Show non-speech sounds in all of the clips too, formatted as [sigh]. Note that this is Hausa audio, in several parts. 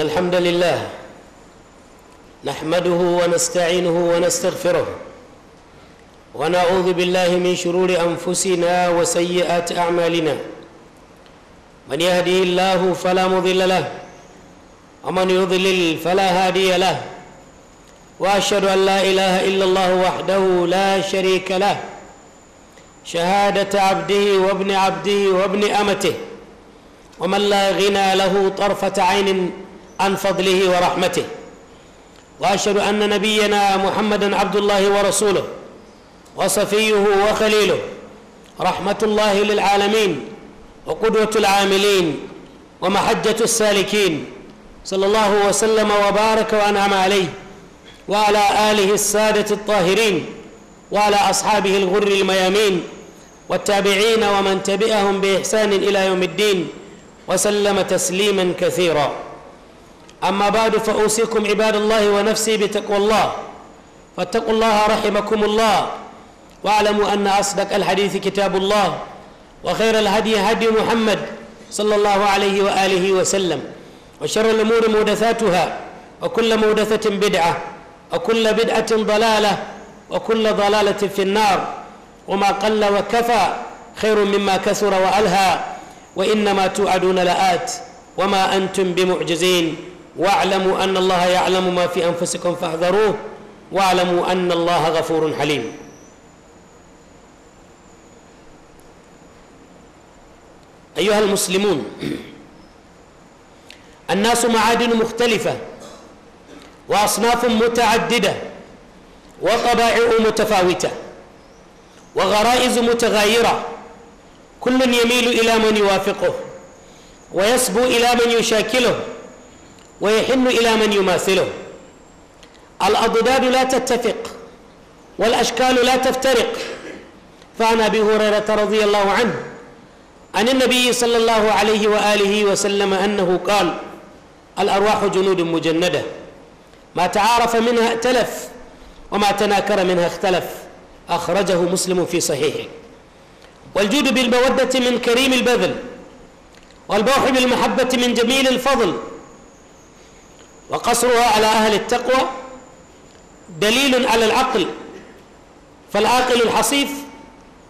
إن الحمد لله نحمده ونستعينه ونستغفره ونعوذ بالله من شرور أنفسنا وسيئات أعمالنا من يهدي الله فلا مضل له ومن يضلل فلا هادي له وأشهد أن لا إله إلا الله وحده لا شريك له شهادة عبده وابن عبده وابن أمته ومن لا غنى له طرفة عين عن فضله ورحمته واشهد ان نبينا محمدا عبد الله ورسوله وصفيه وخليله رحمه الله للعالمين وقدوه العاملين ومحجه السالكين صلى الله وسلم وبارك وانعم عليه وعلى اله الساده الطاهرين وعلى اصحابه الغر الميامين والتابعين ومن تبعهم باحسان الى يوم الدين وسلم تسليما كثيرا أما بعد فأوصيكم عباد الله ونفسي بتقوى الله فاتقوا الله رحمكم الله واعلموا أن أصدق الحديث كتاب الله وخير الهدي هدي محمد صلى الله عليه وآله وسلم وشر الأمور مودثاتها وكل مودثة بدعة وكل بدعة ضلالة وكل ضلالة في النار وما قل وكفى خير مما كثر وألهى وإنما توعدون لآت وما أنتم بمعجزين واعلموا أن الله يعلم ما في أنفسكم فاحذروه واعلموا أن الله غفور حليم أيها المسلمون الناس معادن مختلفة وأصناف متعددة وطبائع متفاوتة وغرائز متغايرة كل يميل إلى من يوافقه ويسبو إلى من يشاكله ويحن إلى من يماثله الأضداد لا تتفق والأشكال لا تفترق فعن أبي هريرة رضي الله عنه عن النبي صلى الله عليه وآله وسلم أنه قال الأرواح جنود مجندة ما تعارف منها ائتلف وما تناكر منها اختلف أخرجه مسلم في صحيحه والجود بالمودة من كريم البذل والبوح بالمحبة من جميل الفضل وقصرها على أهل التقوى دليل على العقل فالعاقل الحصيف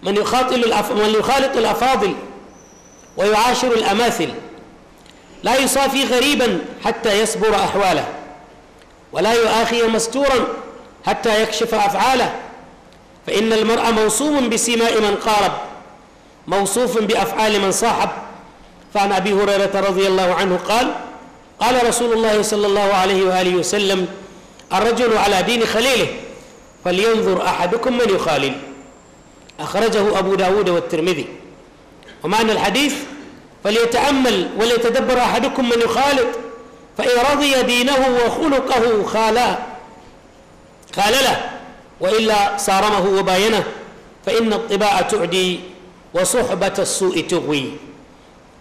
من يخاطل من يخالط الأفاضل ويعاشر الأماثل لا يصافي غريبا حتى يصبر أحواله ولا يؤاخي مستورا حتى يكشف أفعاله فإن المرء موصوم بسماء من قارب موصوف بأفعال من صاحب فعن أبي هريرة رضي الله عنه قال قال رسول الله صلى الله عليه وآله وسلم الرجل على دين خليله فلينظر أحدكم من يخالل أخرجه أبو داود والترمذي ومعنى الحديث فليتأمل وليتدبر أحدكم من يخالط فإن رضي دينه وخلقه خالا خالله وإلا صارمه وباينه فإن الطباع تعدي وصحبة السوء تغوي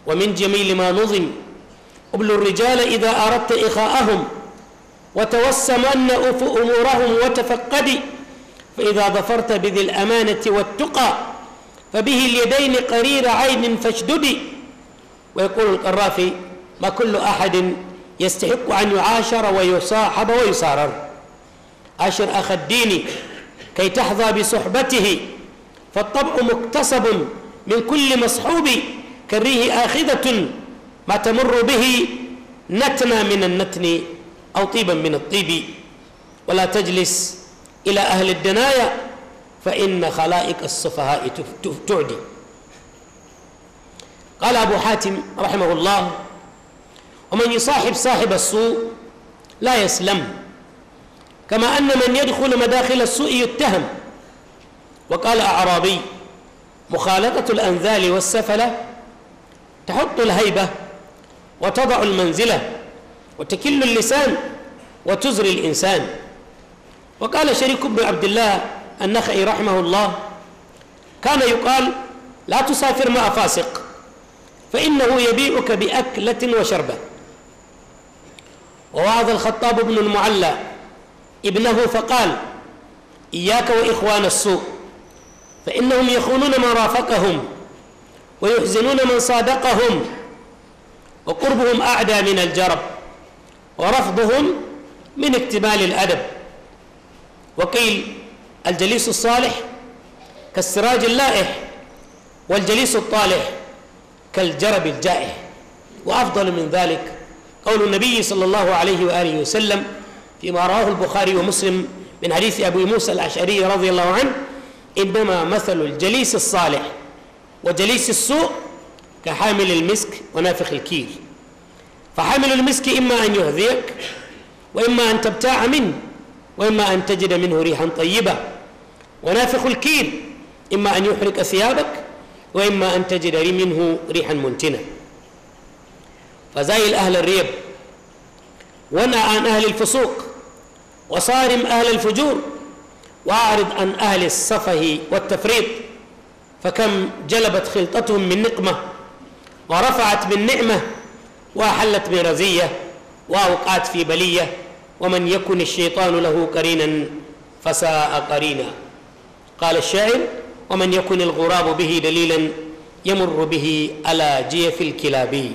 ومن جميل ما نظم ابل الرجال إذا أردت إخاءهم وتوسمن أمورهم وتفقد فإذا ظفرت بذي الأمانة والتقى فبه اليدين قرير عين فاشدد ويقول القرافي ما كل أحد يستحق أن يعاشر ويصاحب ويصارر عاشر أخ الدين كي تحظى بصحبته فالطبع مكتسب من كل مصحوب كريه آخذة ما تمر به نتنا من النتن أو طيبا من الطيب ولا تجلس إلى أهل الدنايا فإن خلائق السفهاء تعدي قال أبو حاتم رحمه الله ومن يصاحب صاحب السوء لا يسلم كما أن من يدخل مداخل السوء يتهم وقال أعرابي مخالطة الأنذال والسفلة تحط الهيبة وتضع المنزلة وتكل اللسان وتزري الإنسان وقال شريك بن عبد الله النخعي رحمه الله كان يقال لا تسافر مع فاسق فإنه يبيعك بأكلة وشربة ووعظ الخطاب بن المعلى ابنه فقال إياك وإخوان السوء فإنهم يخونون من رافقهم ويحزنون من صادقهم وقربهم أعدى من الجرب ورفضهم من اكتمال الأدب وقيل الجليس الصالح كالسراج اللائح والجليس الطالح كالجرب الجائح وأفضل من ذلك قول النبي صلى الله عليه وآله وسلم فيما رواه البخاري ومسلم من حديث أبي موسى الأشعري رضي الله عنه إنما مثل الجليس الصالح وجليس السوء كحامل المسك ونافخ الكير فحامل المسك إما أن يهذيك وإما أن تبتاع منه وإما أن تجد منه ريحا طيبة ونافخ الكير إما أن يحرق ثيابك وإما أن تجد منه ريحا منتنة فزايل أهل الريب ونع عن أهل الفسوق وصارم أهل الفجور وأعرض عن أهل السفه والتفريط فكم جلبت خلطتهم من نقمة ورفعت من نعمة وأحلت من رزية وأوقعت في بلية ومن يكن الشيطان له قرينا فساء قرينا قال الشاعر ومن يكن الغراب به دليلا يمر به على جيف الكلاب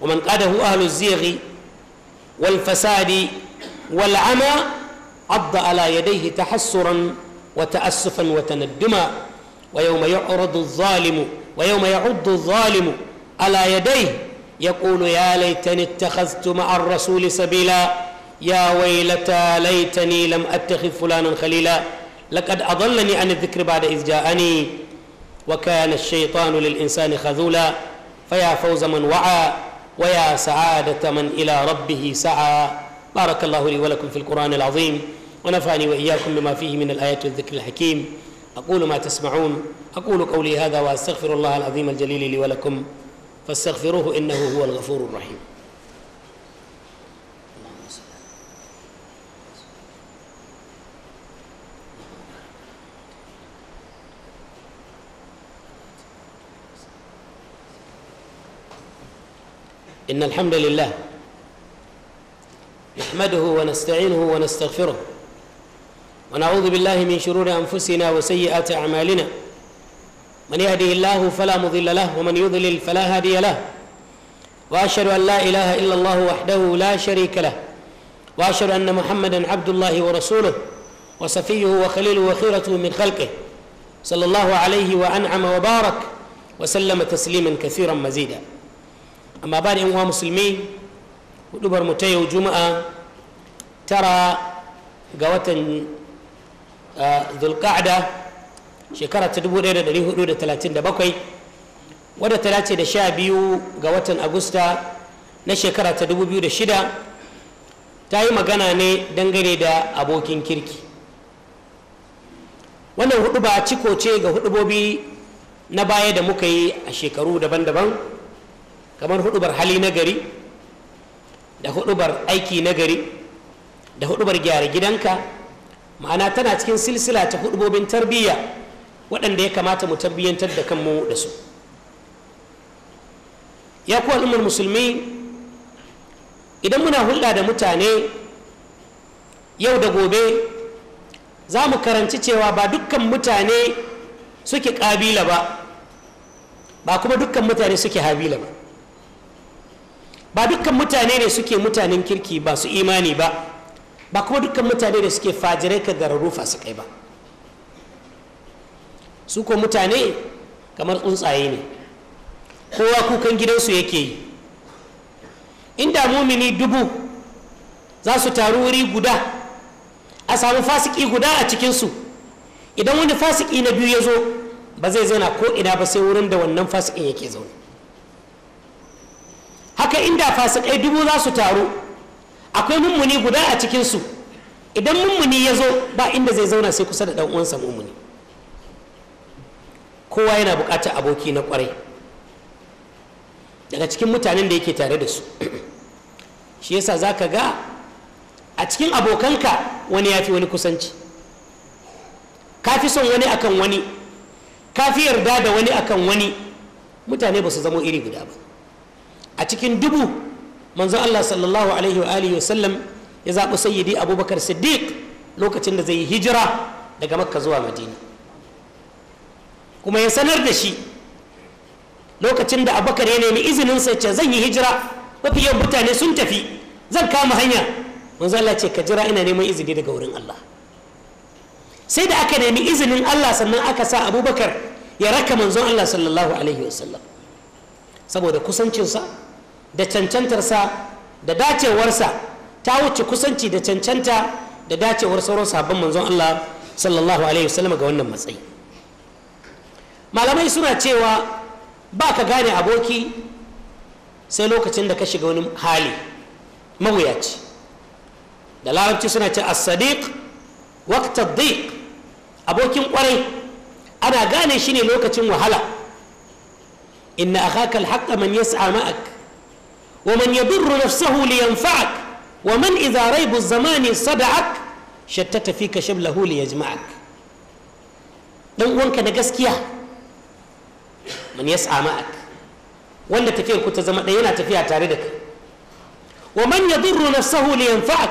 ومن قاده أهل الزيغ والفساد والعمى عض على يديه تحسرا وتأسفا وتندما ويوم يعرض الظالم ويوم يعض الظالم على يديه يقول يا ليتني اتخذت مع الرسول سبيلا يا ويلتى ليتني لم اتخذ فلانا خليلا لقد اضلني عن الذكر بعد اذ جاءني وكان الشيطان للانسان خذولا فيا فوز من وعى ويا سعاده من الى ربه سعى بارك الله لي ولكم في القران العظيم ونفعني واياكم بما فيه من الايات والذكر الحكيم أقول ما تسمعون أقول قولي هذا وأستغفر الله العظيم الجليل لي ولكم فاستغفروه إنه هو الغفور الرحيم إن الحمد لله نحمده ونستعينه ونستغفره ونعوذ بالله من شرور أنفسنا وسيئات أعمالنا من يهده الله فلا مضل له ومن يضلل فلا هادي له وأشهد أن لا إله إلا الله وحده لا شريك له وأشهد أن محمدا عبد الله ورسوله وصفيه وخليله وخيرته من خلقه صلى الله عليه وأنعم وبارك وسلم تسليما كثيرا مزيدا أما بعد أيها مسلمين ودبر متي جمعة ترى قوة zulqa'da shekara ta 1437 wadda ta dace da sha biyu ga watan agusta na shekara ta 2006 ta yi magana ne dangane da abokin kirki wannan hudu ba ciko ce ga hudubobi na baya da muka yi a shekaru daban-daban kamar hudubar hali na gari da hudubar aiki nagari, da hudubar gyara gidanka ma'ana tana cikin silsila ta hudubobin tarbiyya waɗanda ya kamata mu tarbiyyantar da kanmu da su ya kuwa al'ummar musulmi idan muna hulɗa da mutane yau da gobe za mu karanci cewa ba dukkan mutane suke ƙabila ba ba kuma dukkan mutane suke habila ba ba dukkan mutane ne suke mutanen kirki ba su imani ba ba kuma dukkan mutane da suke fajirai ka gararru fasikai ba su ko mutane kamar tsuntsaye ne kowa kukan gidansu yake yi inda mumini dubu za su taru wuri guda a samu fasiki guda a cikinsu idan wani fasiki na biyu ya zo ba zai zana ko ina ba sai wurin da wannan fasikin yake zaune haka inda fasikai dubu za su taru akwai mummuni guda a cikinsu idan mummuni ya zo ba inda zai zauna sai kusa da ɗan uwansa mummuni kowa yana buƙatar aboki na kwarai daga cikin mutanen da yake tare da su [clears throat] shi yasa za ka ga a cikin abokanka wani ya fi wani kusanci ka fi son wani akan wani ka fi yarda da wani akan wani mutane ba su zamo iri guda ba a cikin dubu manzo Allah sallallahu alaihi wa alihi wasallam ya zaɓi sayyidi abubakar siddiq lokacin da zai yi hijira daga makka zuwa madina kuma ya sanar da shi lokacin da abubakar ya nemi izinin sa ce zan yi hijira mafi yawan mutane sun tafi zan kama hanya manzo Allah ce ka jira ina neman izini daga wurin Allah sai da aka nemi izinin Allah sannan aka sa abubakar ya raka manzon Allah sallallahu alaihi wasallam saboda kusancinsa da cancantarsa da dacewarsa ta wuce kusanci da cancanta da dacewar sauran sabon manzon Allah sallallahu alaihi wasallam ga wannan matsayi malamai suna cewa ba ka gane aboki sai lokacin da ka shiga wani hali mawuyaci da larabci suna ce as-sadiq waqta dhiq abokin kwarai ana gane shi ne lokacin wahala inna akhaka al-haqqa man yas'a ma'ak ومن يضر نفسه لينفعك ومن إذا ريب الزمان صدعك شتت فيك شمله ليجمعك دون وانك نقسكيا من يسعى معك ولا تفير كنت زمان دينا تفير تاردك ومن يضر نفسه لينفعك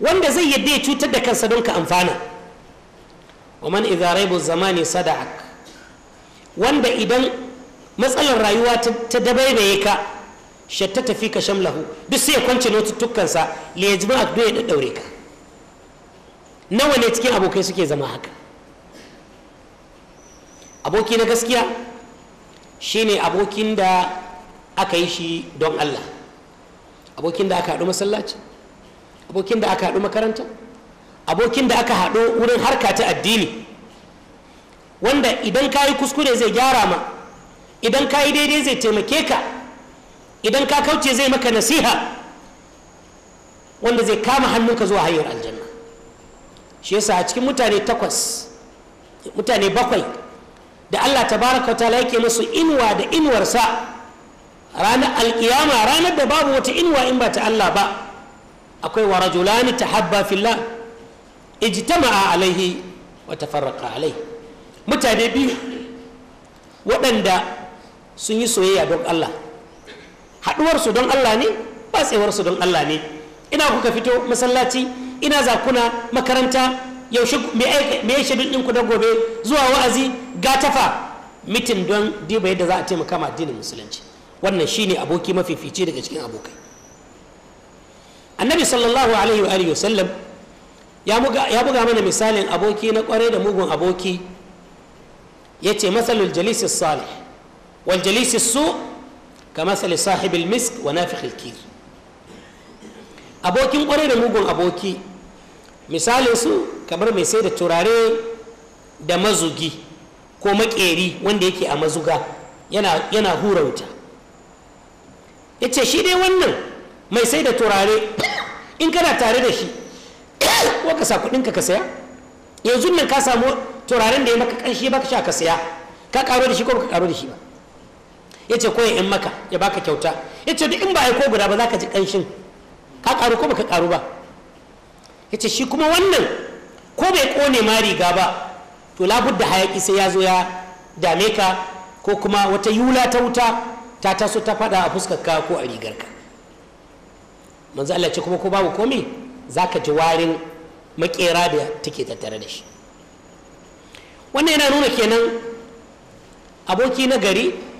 وان زي يدي يديه تدك سدنك أنفانا ومن إذا ريب الزمان صدعك وان إذا مسألة الرأيوات تدبيبيك shatta tafi ka shamlahu duk sai ya kwance notuttukansa le ya jima ya daddaure ka nawa ne cikin abokai suke zama haka aboki na gaskiya shine abokin da aka yi shi don Allah abokin da aka haɗu masallaci abokin da aka haɗu makaranta abokin da aka haɗu wurin harka ta addini wanda idan ka yi kuskure zai gyara ma idan ka yi daidai zai taimake ka idan ka kauce zai maka nasiha wanda zai kama hannunka zuwa hanyar aljanna shi yasa a cikin mutane takwas mutane bakwai da allah tabaraka wa ta'ala yake musu inuwa da inuwarsa ranar alkiyama ranar da babu wata inuwa in ba ta allah ba akwai wa rajulani tahabba fillah ijtama'a alaihi wa tafarraqa alaihi mutane biyu waɗanda sun yi soyayya don allah haɗuwarsu don Allah ne batsewarsu don Allah ne ina kuka fito masallaci ina zakuna makaranta yaushe me ya shedul ɗinku da gobe zuwa wa'azi gatafa mitin don diba yadda za a taimaka ma addinin musulunci wannan shine aboki mafifici daga cikin abokai annabi sallallahu alaihi wa alihi wasallam ya buga mana misalin aboki na kwarai da mugun aboki ya ce masalul jalisi salih wal jalisi su كمثل صاحب المسك ونافخ الكير abokin kwarai da mugun aboki misalin su kamar mai sai da turare da mazugi ko makeri wanda yake a mazuga yana, hura wuta ya shi dai wannan mai sai da turare in kana tare da shi ko ka sa kudinka ka saya yanzu nan ka samu turaren da ya maka kanshi baka sha ka saya ka karo da shi ko ka karo da shi ba ya ce koya in maka ya baka kyauta ya ce duk in ba a yi guda ba za ka ji ƙanshin ka ƙaru ko baka ƙaru ba ya ce shi kuma wannan ko bai ƙone ma riga ba to labudda hayaƙi sai ya zo ya dame ka ko kuma wata yula ta wuta ta taso ta faɗa a fuskar ka ko a rigar ka manzo Allah ce kuma ko babu komai zaka ji warin makera da take tattare da shi wannan yana nuna kenan aboki na gari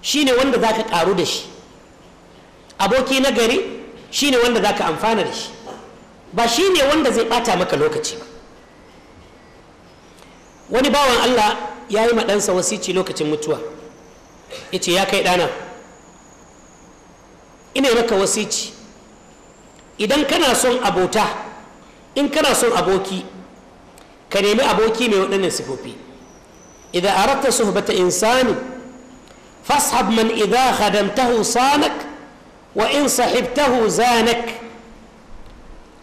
shine wanda zaka karu da shi aboki na gari shine wanda zaka amfana da shi ba shine wanda zai bata maka lokaci ba wani bawan Allah ya yi ɗansa wasici lokacin mutuwa ya ce ya kai ɗana ina maka wasici idan kana son abota in kana son aboki ka nemi aboki mai waɗannan sifofi idan aratta suhbata insani فاصحب من إذا خدمته صانك وإن صحبته زانك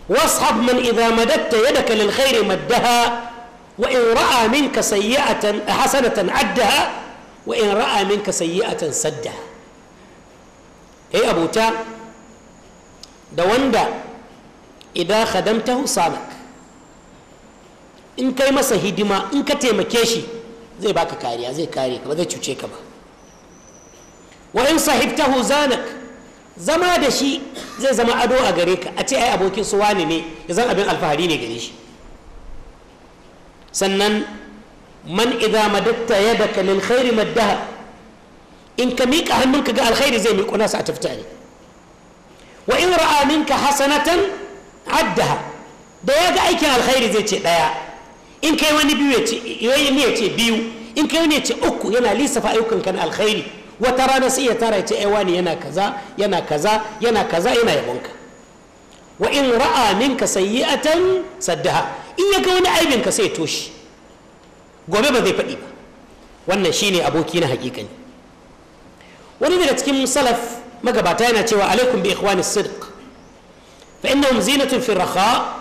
واصحب من إذا مددت يدك للخير مدها وإن رأى منك سيئة حسنة عدها وإن رأى منك سيئة سدها هي إيه أبو تا دوندا إذا خدمته صانك إن kai masa hidima in كيشي زي باكا كاريا زي كاريا zai kare ka ba wain sahibtahu zanak zama da shi zai zama ado a gare ka a ce ai abokin su wani ne ya zan abin alfahari ne gare shi sannan man idza madatta yadaka lil khairi maddaha in ka miƙa hannunka ga alkhairi zai miƙo nasa a tafta ne wa in ra'a minka hasanatan addaha da ya ga aikin alkhairi zai ce ɗaya in kai wani biyu ya ce biyu in kai wani ya ce uku yana lissafa ayyukanka na alkhairi wata rana sai ya tara ya ce wani yana kaza yana kaza yana kaza yana yabonka wa in ra'a minka sayyi'atan saddaha in ya ga wani aibin ka sai ya toshi gobe ba zai faɗi ba wannan shine aboki na hakikani wani daga cikin salaf magabata yana cewa alaikum bi ikhwani sidq fa innahum zinatun fi rakha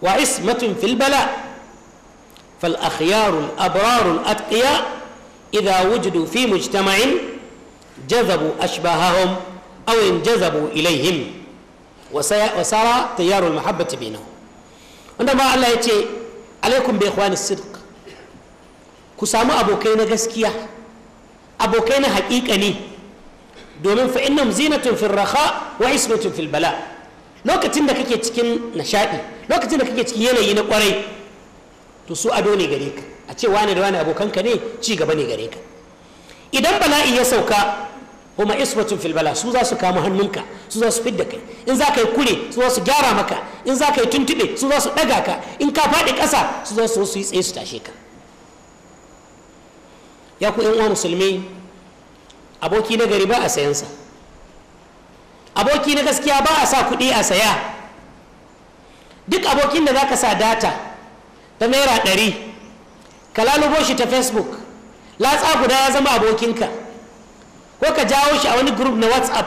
wa ismatun fil bala fal akhyarul abrarul atqiya idha wujidu fi mujtama'in jazabu ashbahahum aw jazabu ilaihim wa sara tayarul mahabbati bainahum wanda ma Allah ya ce alaikum bi ikhwani sidq ku samu abokai na gaskiya abokai na haƙiƙa ne domin fa innahum zinatun fil raha wa ismatun fil bala lokacin da kake cikin nishadi lokacin da kake cikin yanayi na kwarai to su ado ne gare a ce wane da abokanka ne ci gaba ne gare ka idan bala'i ya sauka huma isbatun fil bala su za su kama hannunka su za su fidda kai in za ka yi kure su za su gyara maka in za ka yi tuntube su za su ɗaga ka in ka faɗi ƙasa su za su yi tsaye su tashe ka ya ku uwa musulmi aboki na gari ba a sayansa aboki na gaskiya ba a sa kuɗi a saya duk abokin da za ka sa data ta naira ɗari ka lalubo shi ta facebook latsa guda ya zama abokinka ko ka jawo shi a wani group na whatsapp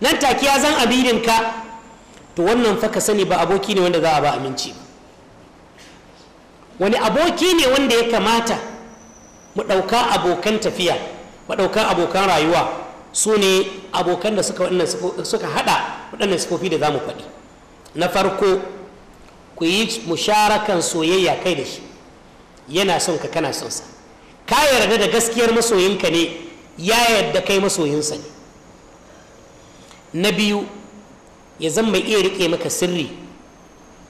nan take ya zan ka to wannan fa ka sani ba aboki ne wanda za a ba aminci ba wani aboki ne wanda ya kamata mu ɗauka abokan tafiya mu ɗauka abokan rayuwa su ne abokan da suka suka haɗa waɗannan sifofi da za mu faɗi na farko ku yi musharakan soyayya kai da shi yana son ka kana son sa ka yarda da gaskiyar masoyinka ne ya yadda kai masoyinsa ne na biyu ya zan mai iya riƙe maka sirri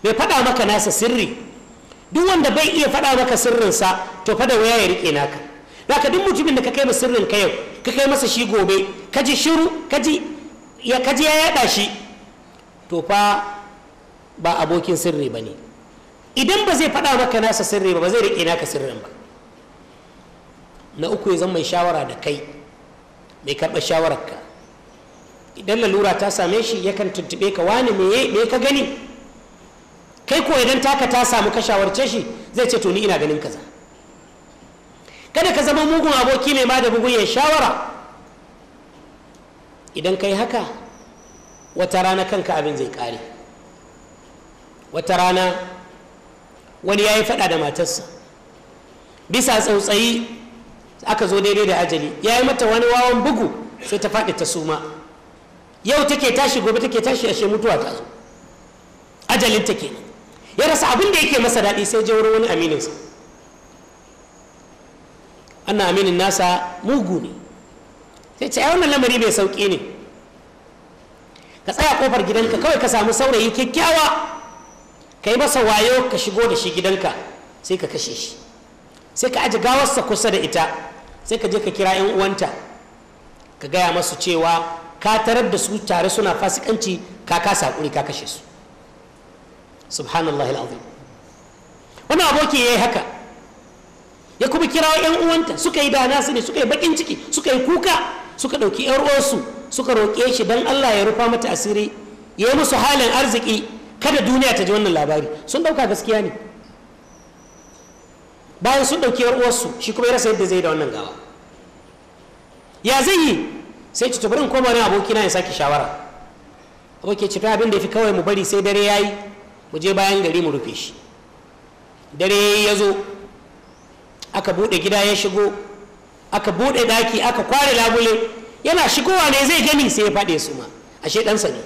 mai faɗa maka nasa sirri duk wanda bai iya faɗa maka sirrinsa to fada waya ya riƙe naka haka duk mutumin da ka kai masa sirrin kayan, ka kai masa shi gobe ka ji shiru ka ji ya kaji yaɗa shi to fa ba abokin sirri ba ne idan ba zai faɗa maka nasa sirri ba ba zai riƙe naka sirrin ba na uku ya zan mai shawara da kai mai karɓar shawararka idan lalura ta same shi yakan tuntuɓe ka wani me ka gani kai ko idan taka ta samu ka shawarce shi zai ce to ni ina ganin kaza kada ka zama mugun aboki mai ma da bugun ya shawara idan kai haka wata rana kanka abin zai kare wata rana wani ya yi fada da matarsa bisa tsautsayi aka zo daidai da ajali ya yi mata wani wawan bugu sai ta faɗi ta suma yau take tashi gobe take tashi ashe mutuwa ta zo ajalin ta ya rasa abin da yake masa daɗi sai je wurin wani amininsa annan aminin nasa mugu ne sai ce wannan lamari mai sauƙi ne ka tsaya kofar gidanka kawai ka samu saurayi kyakkyawa ka yi masa wayo ka shigo da shi gidanka sai ka kashe shi sai ka aji gawarsa kusa da ita sai ka je ka kira 'yan uwanta ka gaya masu cewa ka tarar da su tare suna fasikanci ka kasa hakuri ka kashe su subhanallah alazim wani aboki ya yi haka ya kuma kira 'yan uwanta suka yi dana su ne suka yi bakin ciki suka yi kuka suka ɗauki 'yan uwansu suka roƙe shi don allah ya rufa mata asiri ya yi musu halin arziki kada duniya ta ji wannan labari sun ɗauka gaskiya ne bayan sun ɗauki yar uwarsu shi kuma ya rasa yadda zai da wannan gawa ya zai yi sai ci tuburin koma ne na ya sake shawara aboki ci ta abin da ya fi kawai mu bari sai dare ya yi mu je bayan gari mu rufe shi dare ya yi ya zo aka buɗe gida ya shigo aka buɗe daki aka kware labule yana shigowa ne zai gani sai ya faɗe su ma ashe ɗansa ne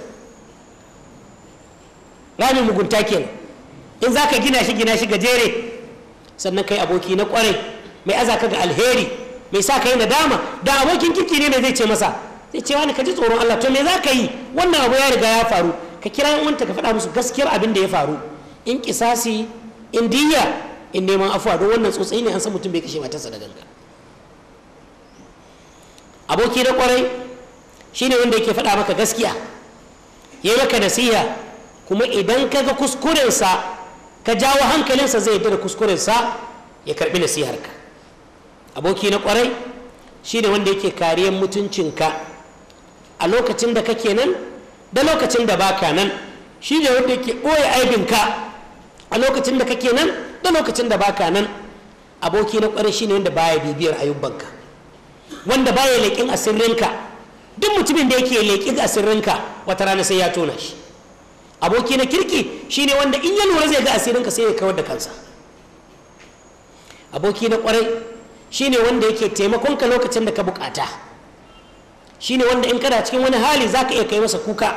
ramin mugunta kenan in zaka gina shi gina shi gajere sannan kai aboki na kwarai mai azaka ga alheri mai sa kai nadama da abokin kirki ne mai zai ce masa zai ce wani ka ji tsoron Allah to me za ka yi wannan abu ya riga ya faru ka kira yan ka faɗa musu gaskiyar abin da ya faru in kisasi in diya in neman afuwa don wannan tsotsayi ne an san mutum bai kashe matarsa da ganga aboki na kwarai shine wanda yake faɗa maka gaskiya ya maka nasiha kuma idan ka ga kuskurensa ka jawo hankalinsa zai yadda da kuskurensa ya karbi nasiharka aboki na kwarai shine wanda yake kariyar mutuncinka a lokacin da kake nan da lokacin da baka nan shi ne wanda yake ɓoye aibinka a lokacin da kake nan da lokacin da baka nan aboki na kwarai shine wanda baya bibiyar ayyubanka wanda baya leƙin asirinka duk mutumin da yake leƙin asirinka wata rana sai ya tona shi aboki na kirki shine wanda in ya lura zai ga asirinka sai ya kawar da kansa aboki na kwarai shine wanda yake taimakon ka lokacin da ka bukata shine wanda in kana cikin wani hali zaka iya kai masa kuka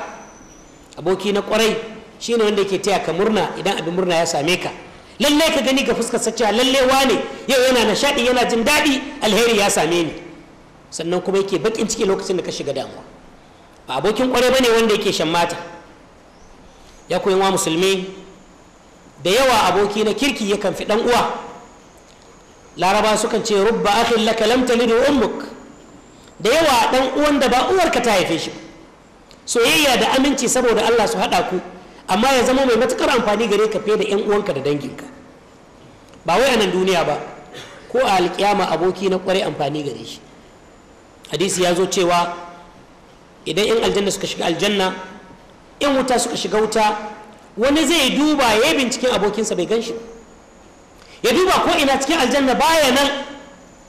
aboki na kwarai shine wanda yake taya ka murna idan abin murna ya same ka lalle ka gani ka fuskar cewa lallai wane yau yana nishadi yana jin daɗi alheri ya same ni sannan kuma yake bakin ciki lokacin da ka shiga damuwa ba abokin kwarai bane wanda yake shan mata ya koyi wa musulmi da yawa aboki na kirki yakan fi dan uwa laraba sukan ce rubba akhin laka lam talidu ummuk da yawa dan uwan da ba uwarka ta haife shi soyayya da aminci saboda Allah su hada ku amma ya zama mai matukar amfani gare ka fiye da yan uwanka da danginka ba wai a nan duniya ba ko a alkiyama aboki na kwarai amfani gare shi hadisi ya zo cewa idan yan aljanna suka shiga aljanna in wuta suka shiga wuta wani zai duba ya yi binciken abokinsa bai gan shi ya duba ko ina cikin aljanna baya nan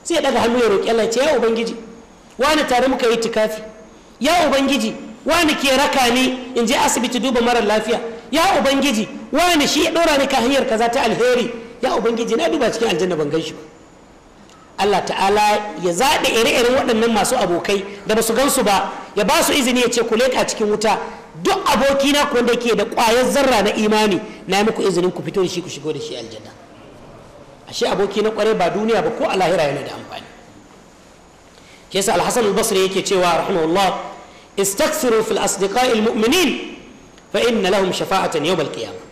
sai ya daga hannu ya roƙi Allah ce ya ubangiji wani tare muka yi tikafi ya ubangiji wani ke raka ni in je asibiti duba marar lafiya ya ubangiji wani shi ya ɗora ni ka hanyar kaza ta alheri ya ubangiji na duba cikin aljanna ban gan shi ba Allah ta'ala ya zaɗe ire-iren waɗannan masu abokai da ba su gan su ba ya ba su izini ya ce ku leƙa cikin wuta duk abokina ko da ke da ƙwayar zarra na imani na muku izinin ku fito da shi ku shigo da shi aljanna ashe aboki na ƙwarai ba duniya ba ko a lahira yana da amfani ke sa alhassan albasri yake cewa rahimahullah istaksiru fil asdiqai almu'minin fa inna lahum shafa'atan yawm alqiyamah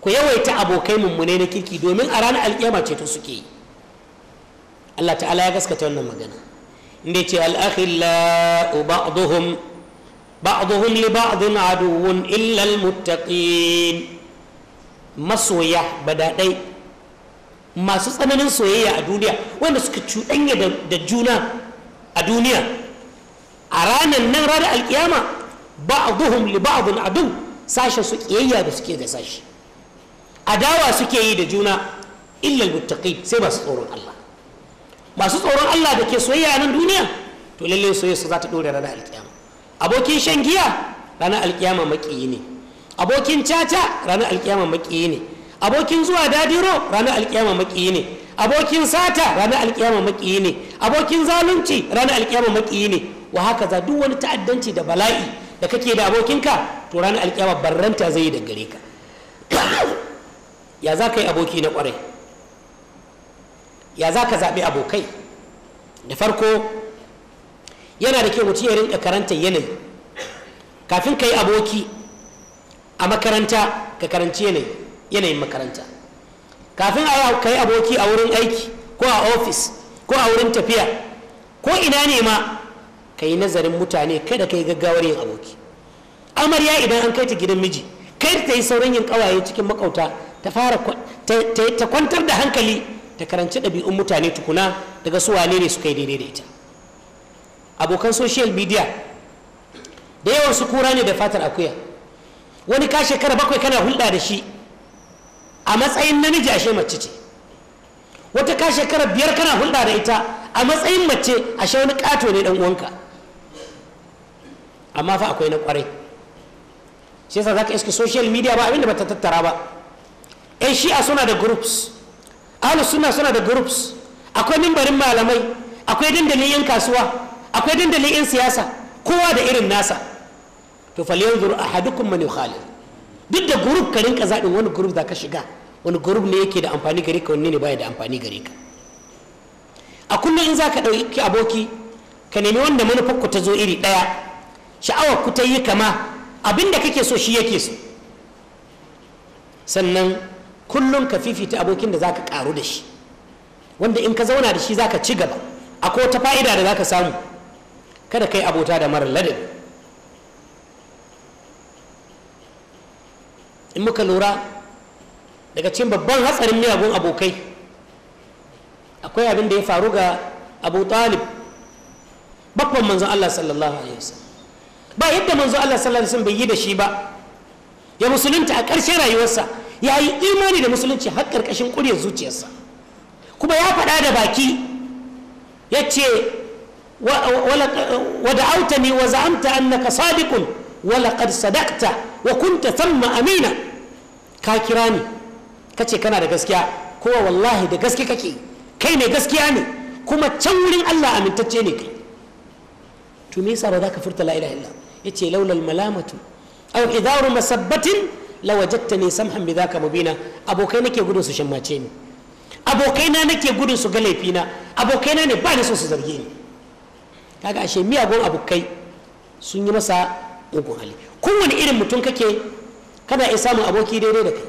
ku yawaita abokai mummunai na kirki domin a ranar alƙiyama ce to suke yi Allah ta'ala ya gaskata wannan magana inda ya ce al-akhillau ba'dhum ba a ba'dhin aduwwun illa almuttaqin masoya badadai masu tsananin soyayya a duniya wanda suka cuɗanya da juna a duniya a ranan nan ranar alkiyama ba'dhum li ba'dhin adu sashen su kiyayya da suke ga sashi adawa suke yi da juna illa almuttaqin sai basu tsoron Allah masu tsoron Allah da ke soyayya nan duniya to lallai soyayya su za ta dore ranar alkiyama abokin shan giya ranar alkiyama maƙiyi ne abokin caca ranar alkiyama maƙiyi ne abokin zuwa dadiro ranar alkiyama maƙiyi ne abokin sata ranar alkiyama maƙiyi ne abokin zalunci ranar alkiyama maƙiyi ne wa haka za duk wani ta'addanci da bala'i da kake da abokinka to ranar alkiyama barranta zai yi da gare ka [coughs] ya za ka yi aboki na kwarai ya za ka zaɓi abokai da farko yana da kyau mutum ya rinka karanta yanayi kafin ka yi aboki a makaranta ka karanci yanayi yanayin makaranta kafin ka yi aboki a wurin aiki ko a ofis ko a wurin tafiya ko ina ne ma ka yi nazarin mutane kada ka yi gaggawar yin aboki amarya idan an kai ta gidan miji kai ta yi sauran yin kawaye cikin makauta ta fara ta kwantar da hankali ta karanci ɗabi'un mutane tukuna daga su wane ne suka yi daidai da ita abokan social media da yawan su kura ne da fatar akuya wani ka shekara bakwai kana hulɗa da shi a matsayin namiji ashe mace ce wata ka shekara biyar kana hulɗa da ita a matsayin mace ashe wani ƙato ne ɗan uwanka amma fa akwai na ƙwarai shi yasa zaka iske social media ba abinda bata tattara ba yan shi'a suna da groups ahlus sunna suna da groups akwai mimbarin malamai akwai dandalin yan kasuwa akwai dandalin 'yan siyasa kowa da irin nasa to falyanzur ahadukum man yukhalif duk da group ka rinka zaɗin wani group za ka shiga wani group ne yake da amfani gare ka wani ne baya da amfani gare ka a kullum in zaka ka ɗauki aboki ka nemi wanda manufar ku ta zo iri ɗaya sha'awar ku ta yi kama abin da kake so shi yake so sannan kullum ka fifita abokin da za ka ƙaru da shi wanda in ka zauna da shi za ci gaba akwai wata fa'ida da zaka samu kada kai abota da mara ladabi in muka lura daga cikin babban hatsarin miyagun abokai akwai abin da ya faru ga abu talib babban manzon Allah sallallahu alaihi wasallam ba yadda manzon Allah sallallahu alaihi wasallam bai yi da shi ba ya musulunta a ƙarshen rayuwarsa ya yi imani da musulunci har ƙarƙashin ƙuryar zuciyarsa kuma ya faɗa da baki ya ce ودعوتني وزعمت أنك صادق ولقد صدقت وكنت ثم أمينا كاكراني كتي كان هذا قسكي هو والله ده قسكي كي كي ني قسكي يعني كما تشولين الله أمن تتيني كي تميسا بذاك فرت لا إله إلا يتي لولا الملامة أو إذار مسبة لوجدتني سمحا بذاك مبينا أبو كينك يقولوا سشماتيني abokaina nake gudun su ga laifina abokaina ne ba ni so su zarge ni kaga ashe miyagun abokai sun yi masa mugun hali kowane irin mutum kake kada ya samu aboki daidai da kai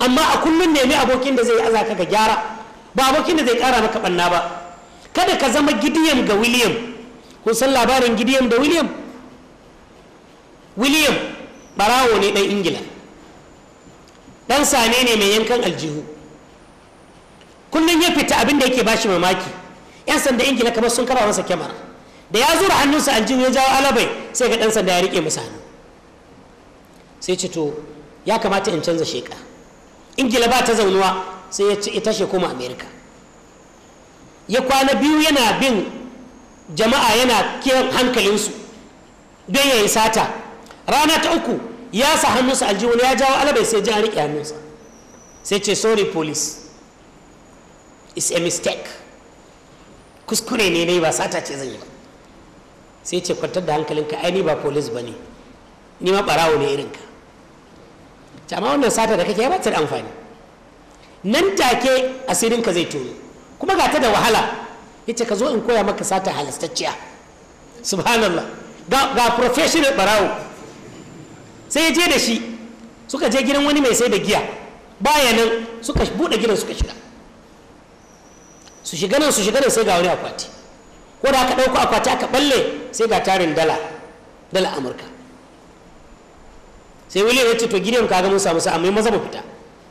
amma a kullum nemi abokin da zai aza ka ga gyara ba abokin da zai kara maka banna ba kada ka zama gidiyan ga william kun san labarin gidiyan da william william barawo ne dan ingila dan sane ne mai yankan aljihu kullum ya fita abin da yake bashi mamaki yan sanda ingila kamar sun kama masa kyamara da ya zura hannunsa aljihu ya jawo alabai sai ga dan sanda ya rike masa hannu sai ce to ya kamata in canza sheka ingila ba ta zaunuwa sai ya ce tashe koma amerika ya kwana biyu yana bin jama'a yana kiran hankalinsu don ya yi sata rana ta uku ya sa hannunsa aljihu ya jawo alabai sai ya riƙe hannunsa sai ce sorry police it's a mistake kuskure ne yi ba sata ce zan yi ba sai ce kwantar da hankalinka ai ni ba polis ba ne ni ma barawo ne irinka ta amma wannan sata da kake ya bata da amfani nan take asirinka zai tono kuma ga ta da wahala yace ka zo in koya maka sata halastacciya subhanallah ga professional barawo sai ya je da shi suka je gidan wani mai sai da giya bayanan suka buɗe gidan suka shiga su shiga nan su shiga nan sai ga wani akwati ko da aka ɗauko akwati aka balle sai ga tarin dala dala amurka sai william ya ce to ka ga mun samu sa'a mai maza mu fita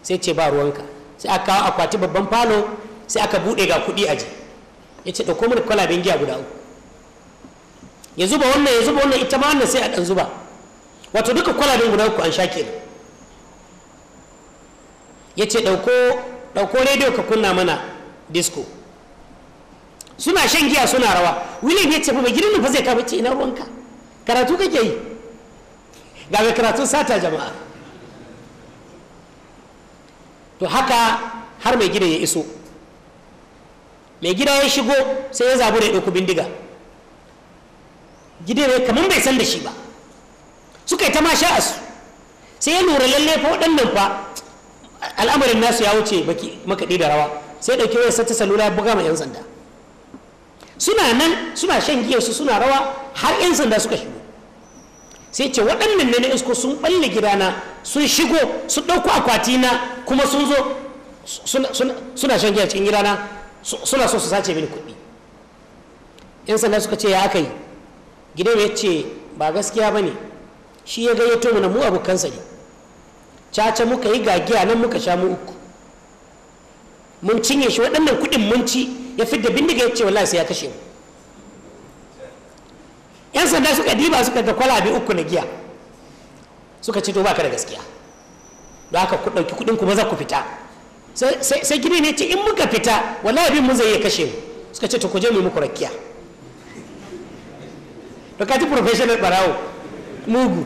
sai ce ba ruwanka sai aka kawo akwati babban falo sai aka buɗe ga kuɗi aji ya ce ɗauko mana kwalaben giya guda uku ya zuba wannan ya zuba wannan ita ma wannan sai a ɗan zuba wato duka kwalaben guda uku an sha kenan ya ce ɗauko rediyo ka kunna mana disco suna shan giya suna rawa william ya ce ba mai girin fa zai kama ce ina ruwanka karatu kake yi ga mai karatun sata jama'a to haka har mai gida ya iso mai gida ya shigo sai ya zabu da ya ɗauki bindiga gida ya kamar bai san da shi ba suka yi ta masha a su sai ya lura lalle fa waɗannan fa al'amarin nasu ya wuce makaɗi da rawa sai ɗauki wayar sata salula ya buga ma 'yan sanda suna nan suna shan giyarsu suna rawa har 'yan sanda suka shigo sai ce waɗannan ne na isko sun ɓalle gidana sun shigo su akwati na kuma sun zo suna shan giya cikin gidana suna so su sace mini kuɗi 'yan sanda suka ce ya aka yi gidan ya ce ba gaskiya ba ne shi ya gayyato mu na mu abokansa ne caca muka yi gagiya nan muka sha mu uku mun cinye shi waɗannan kuɗin mun ci ya fidda bindiga ya ce wallahi sai ya kashe mu yan sanda suka diba suka ga kwalabe uku na giya suka ce to ba ka da gaskiya don haka ku ɗauki kuɗin ku maza ku fita sai gini ne ce in muka fita wallahi bin mun zai iya kashe mu suka ce to ku je mu muku rakiya to ka ci professional barawo mugu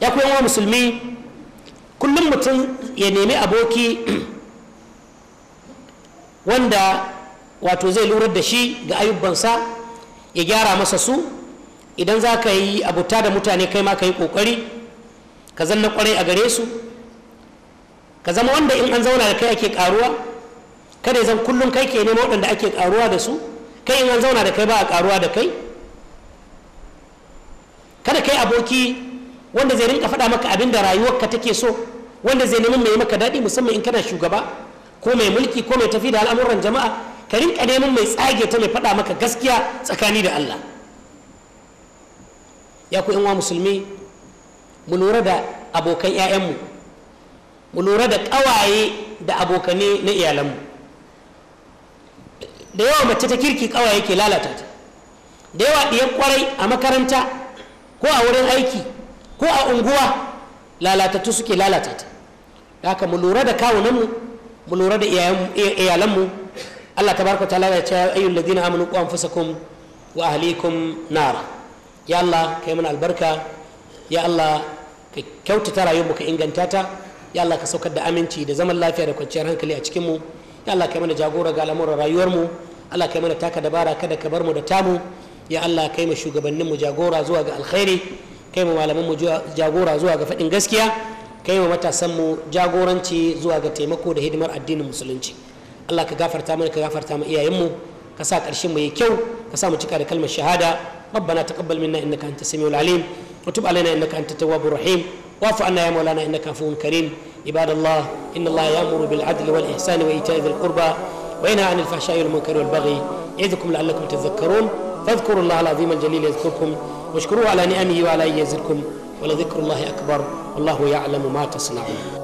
ya kuma musulmi kullum mutum ya nemi aboki wanda wato zai lura da shi ga ayyubansa ya gyara masa su idan za ka yi abuta da mutane kai ma ka yi ƙoƙari ka zanna kwarai a gare su ka zama wanda in an zauna da kai ake ƙaruwa kada zan kullum kai ke nema waɗanda ake karuwa da su kai in an zauna da kai ba a ƙaruwa da kai kada kai aboki wanda zai rinka faɗa maka abin da rayuwarka take so wanda zai nemi mai maka daɗi musamman in kana shugaba ko mai mulki ko mai tafi da al'amuran jama'a ka rinka neman mai tsage ta mai faɗa maka gaskiya tsakani da Allah ya ku uwa musulmi mu lura da abokan 'ya'yanmu mu lura da ƙawaye da abokane na iyalanmu da yawa mace ta kirki ƙawaye ke lalata ta da yawa ɗiyan kwarai a makaranta ko a wurin aiki ko a unguwa lalatattu suke lalata ta da haka mu lura da kawunanmu mu lura da iyalanmu Allah tabaraka ta'ala ya ce ayyul ladina amanu qu anfusakum wa ahlikum nara ya Allah kai mana albarka ya Allah ka kyautata rayuwarmu ka inganta ta ya Allah ka saukar da aminci da zaman lafiya da kwanciyar hankali a cikinmu mu ya Allah kai mana jagora ga al'amuran rayuwarmu Allah kai mana taka dabara kada ka bar mu da tamu ya Allah kai mu shugabanninmu jagora zuwa ga alkhairi kai mu malaman jagora zuwa ga faɗin gaskiya kai wa mu jagoranci zuwa ga taimako da hidimar addinin musulunci allah ka gafarta mana ka gafarta mu iyayenmu ka sa ƙarshen mu yayi kyau ka sa mu cika da kalmar shahada ربنا تقبل منا انك انت السميع العليم وتب علينا انك انت التواب الرحيم واعف عنا يا مولانا انك عفو كريم عباد الله ان الله يامر بالعدل والاحسان وايتاء ذي القربى وينهى عن الفحشاء والمنكر والبغي يعظكم لعلكم تذكرون فاذكروا الله العظيم الجليل يذكركم واشكروه على نعمه وعلى ان يزدكم ولذكر الله أكبر والله يعلم ما تصنعون